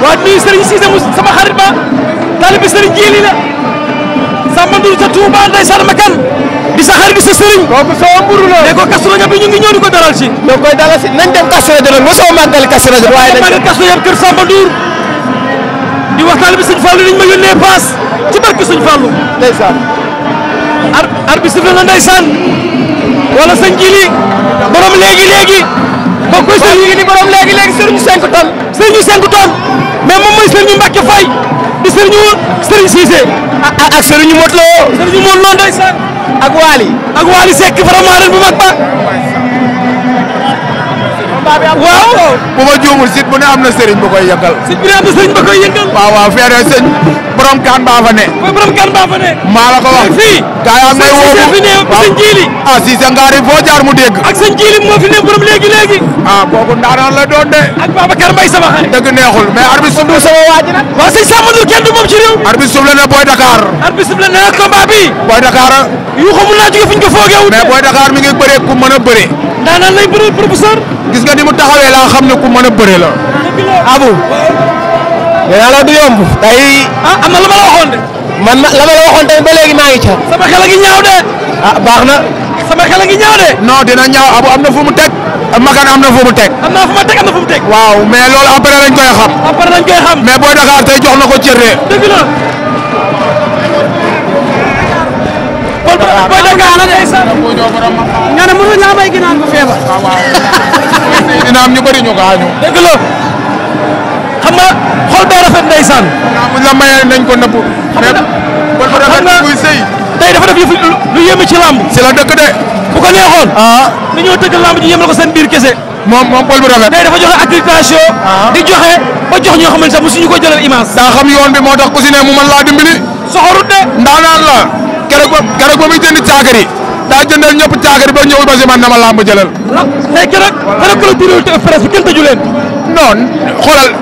waaw nuyu Serigne Cissé mu sama xarit ba taalibi Serigne Jili la sa Touba ndeysaan ma kan di sa xarit di sa Serigne. kooku sama mburu la. mais ko Kazu Rajab bi ñu ngi ñëw di ko dalal si. ñoo koy dalal si nañ dem Kazu Rajab nag a màggal Kazu Rajab. waaye nañ dem Kazu Rajab di waxtaan bi Serigne Fallou liñ paas ci barke Serigne Fallou. ndeysaan. ar arbitre bi wala sa Jili borom léegi léegi. donc koy sëriñ yi ni borom léegi léegi sëriñu 5 tonnes sëriñu 5 tonnes mais moom mooy sëriñu Mbacke Faye di sëriñu sëriñ Cissé ak sëriñu Modou Lo sëriñu Modou Lo ndeysaan ak Waly ak Waly Seck vraiment ren bu mag ba waaw bu ma juumul sit bu am na sëriñ bu koy yëkkal. sit bu ne am na sëriñ bu koy yëkkal. waaw feere sëñ borom kan baa ne. borom kan baa fa ne. maa la ko wax fii. Ah, mu dégg. ak sëñ jiili moo fi ne borom léegi léegi. ah kooku ndaanaan la doon de. ak Babacar Mbaye sama xarit. neexul mais arbitre suuf sama waa ji nag. waaw sëñ Samba Boy Dakar. arbitre suuf la ne Boy Dakar. yu naa jóge fu ñu ko foogee Boy Dakar mi ngi bëree ku mën a bëree daanaan lay bëreel professeur. gis nga di mu taxawee la xam ne ku mën a bëre la. abu nee naa la du yomb. tey. Ah, am na la ma waxoon de. man ma la waxoon ba léegi maa ngi ca. sama xel a ngi ñaaw de. ah baax na. sama a ngi ñaaw de. non dina ñaaw abu am na fu mu teg. makan am na fu mu teg. ma teg am na fu mu teg. waaw mais loolu après lañ koy xam. après lañ koy mais Boy Dakar tey jox na ko cër de. loolu booy Dakar la de. nga ne mënul ñaa may ginaar bu feebar. dina am ñu bëri ñu gaañu. dëgg la xam nga xol bee rafet ndeysaan. waaw bu la mayee nañ ko nëbbu. xam nga bol bu rafet buy sëy. tey dafa def yëf lu yéeme ci lamb. si la dëkk de. bu ko neexoon. ah dañoo tëgg lamb ji yéemal ko seen biir kese. moom moom bol bu rafet. tey dafa joxe accréditation. Ah. di joxe ba jox ñoo xamante sax mosuñu ko jëlal image. daa yoon bi moo tax ku si ne mu mën laa dimbali. soxorut de. ndaanaan la. keroog ba keroog ba muy jënd caakari daa jëndal ñëpp caakari ba ñëw ba si man na ma làmb jëlal. waaw mais keroog. voilà keroog ku la presse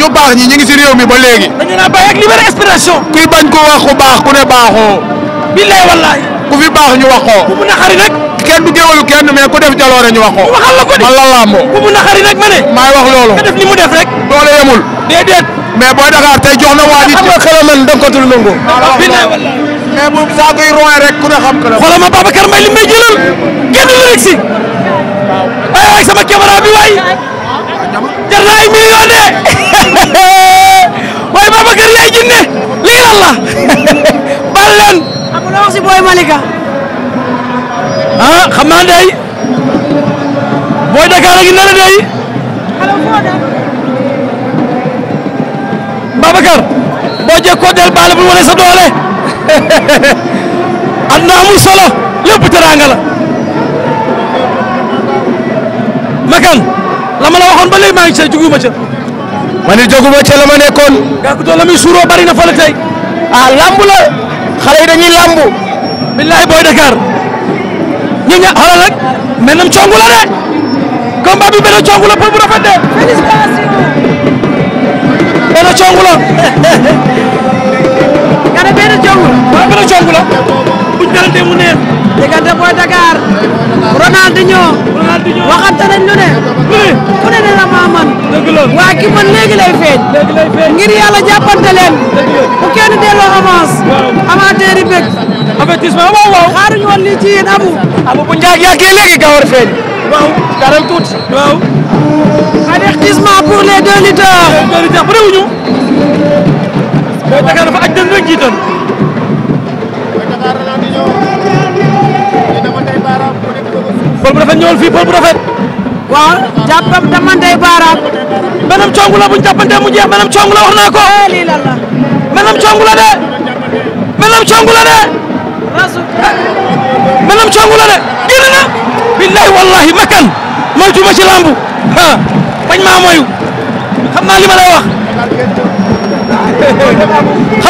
ñu baax ñi ñu ngi si réew mi ba léegi. dañu naa bàyyi ak libéré inspiration. kuy bañ ko wax ku baax ku ne baaxoo. billaay wallaay. ku fi baax ñu wax ko. ku mu naxari rek. kenn du kenn mais ku def jaloore ñu wax ko. waxal la ko de man la làmboo. ku mu naxari rek ma ne. maay wax loolu. nga def li mu def rek. doole yemul. déedéet. mais booy Dakar tey jox na waa ji. am nga xel man da nga mais moom saa koy roye ma Babacar Mbaye li may jëlal génn la rek si. ay waay sama caméra bi waay. jar naa ay millions de. jinne lii lan la. bal leen. amuloo wax Malika. ah xam day. Boy Dakar a ngi day. Babacar. boo jékkoon del baal bu wane sa doole. àdduna amul solo lépp teraanga la makan la ma waxoon ba maa ngi ci juguma ca ma ni joguma ca la ma nekkoon gàkku to la muy suuroo bari na fa tey ah lamb xale yi dañuy lamb billahi booy Dakar ñu ña xoolal rek mais nam congu la rek combat bi benn congu la pour bu de félicitations benn mais benn coow la. waaw benn coow la. buñ dérantee mu neex. Boy Dakar. Ronaldinho. Ronaldinho waxante lu ne. lu ne ku ne dina maa man. dëgg la waa ki man léegi lay feeñ. léegi lay feeñ ngir yàlla jàppante leen. dëgg la bu kenn delloo avance. waaw amateur yi bëgg. avertissement waaw waaw. a Boy Dakar dafa la bu nekk dama suuf. Paul rafet ñëwal fii la bu ñu jàppante mu jeex wax naa ko. Eh, lii la la. de. maanaam coongu la de. rasul. maanaam la de génn na. billahi wallahi makkan moytu ci lambu. bañ maa moyu xam naa li ma wax. xam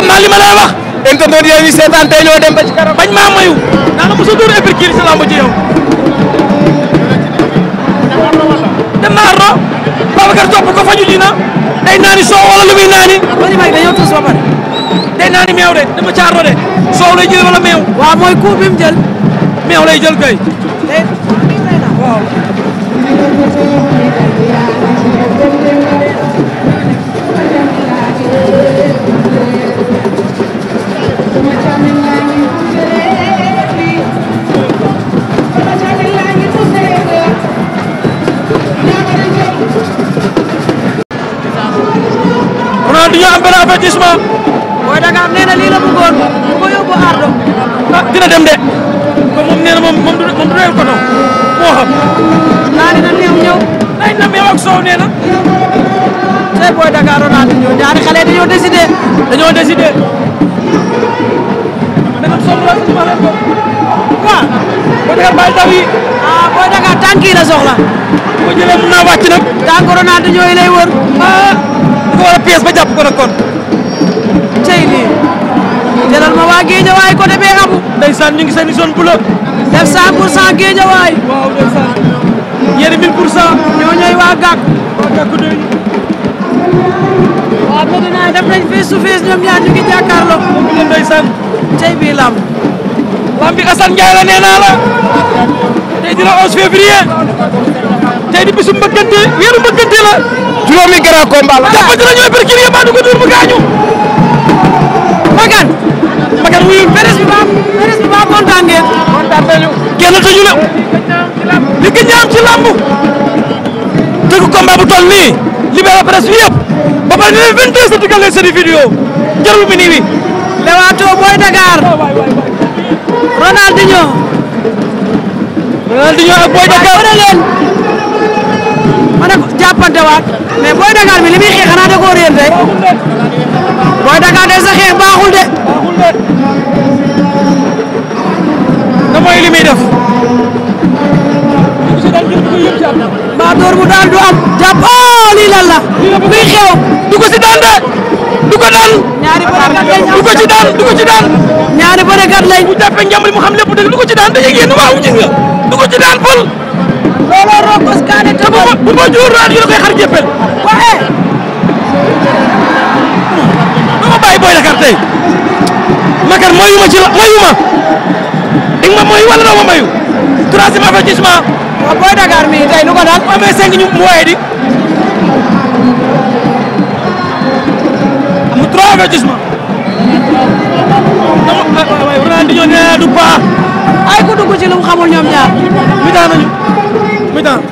naa li ma lay wax. internet yooyu ñu seetaan tey ñoo ci kanam. bañ maa mayu. daanaka mosoo dóor épercuit si lamb ji yow. dem naa Arnaud. Babacar topp ko ji na. day naani soow wala lu naani. man naani meew de dama caa Arnaud de. soow lay jël wala meew. waaw mooy coup bi mu meew lay jël kay. dañoo am benn avertissement. Boy Dakar nee na lii la bëggoon mu ah, dem de. comme moom nee na moom moom du moom du doyal ko noonu moo xam. na meew soow nee na. tey Boy Dakar Ronaldinho ñëw ñaari xale yi dañoo décidé. dañoo décidé. dana soxla wala su ma leen ko. waaw. Boy Dakar bàyyi taw yi. ah Boy Dakar tànk yi la soxla. bu ko jëlee mun naa wàcc nag. tànk Ronaldinho ñooy lay wër. ah. war a pièce ba jàpp cey lii jëlal ma waa Géejawaay côté bee amu. ndeysaan ñu ngi seen i def 100 pour cent Géejawaay. waaw ndeysaan. yéen 1000 pour cent. ñoo ñooy waa gàkk. waa gàkk naa def nañ face to face ñoom ñaar ñu ngi jàkkaarloo. moom la ndeysaan. cey bii lamb. lamb bi Assane Ndiaye la naa la. tey dina 11 février. di bisu mbëkkante weeru mbëkkante la. juróomi grand combat la. jàppante na ñooy perkil yëpp ànd gaañu. Maguette. Maguette wuyu Pérez bi bi baax kontaan ngeen. kenn tëju la. li gën ñaam ci lamb. tëgg combat bu toll nii. libéré presse bi yëpp. ba pare ñu ne 22 sa digal leen seen vidéo. jarul bi nii wi. Leewtoo Boy Dakar. Ronaldinho. Ronaldinho ak Boy Dakar. da ko jàppante waat mais Boy Dakar bi li muy xanaa da koo réer tey Boy Dakar de sa baaxul de. da mooy li muy def. door bu daan du am jàpp oh lii lan la muy xew du ko si daan de du ci daan ñaari bërekat lañ bu jàppee njàmbur mu xam ci daan dañuy génn waaw gis nga du ko ci daan fal looloo Robos Kaane te bu bu ma juur naan yéen a koy xar eh. ma bàyyi Boy Dakar tey. Makar mayu ma ci la mayu ma. dégg nga mayu wala doo ma mayu. troisième avertissement. Boy Dakar mii tey nu ko daal amee cinq ñu mu wooyee di. amul trois avertissement. dama waaw waaw waaye Ronaldinho nee ay ku dugg ci mu xamul ñaar mi daan nañu. mi-temps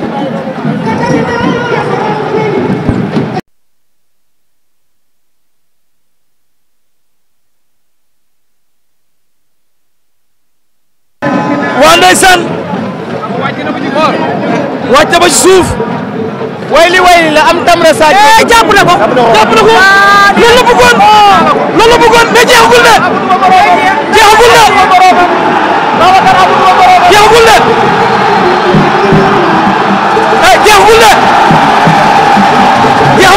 waa ndeysaan ba ci wayli wayli la am Tamra Sadio. Eh, loolu la loolu la bëggoon mais jeexagul de jeexagul de jeexagul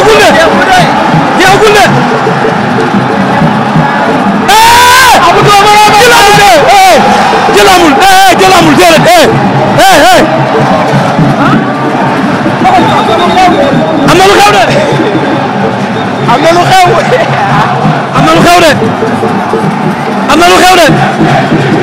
jeexagul de jeexagul de amutul woon ba la amul jël amul eh, jël amul eh, déedéet am na lu xew de am na lu xew eh, am na lu xew de am na lu xew de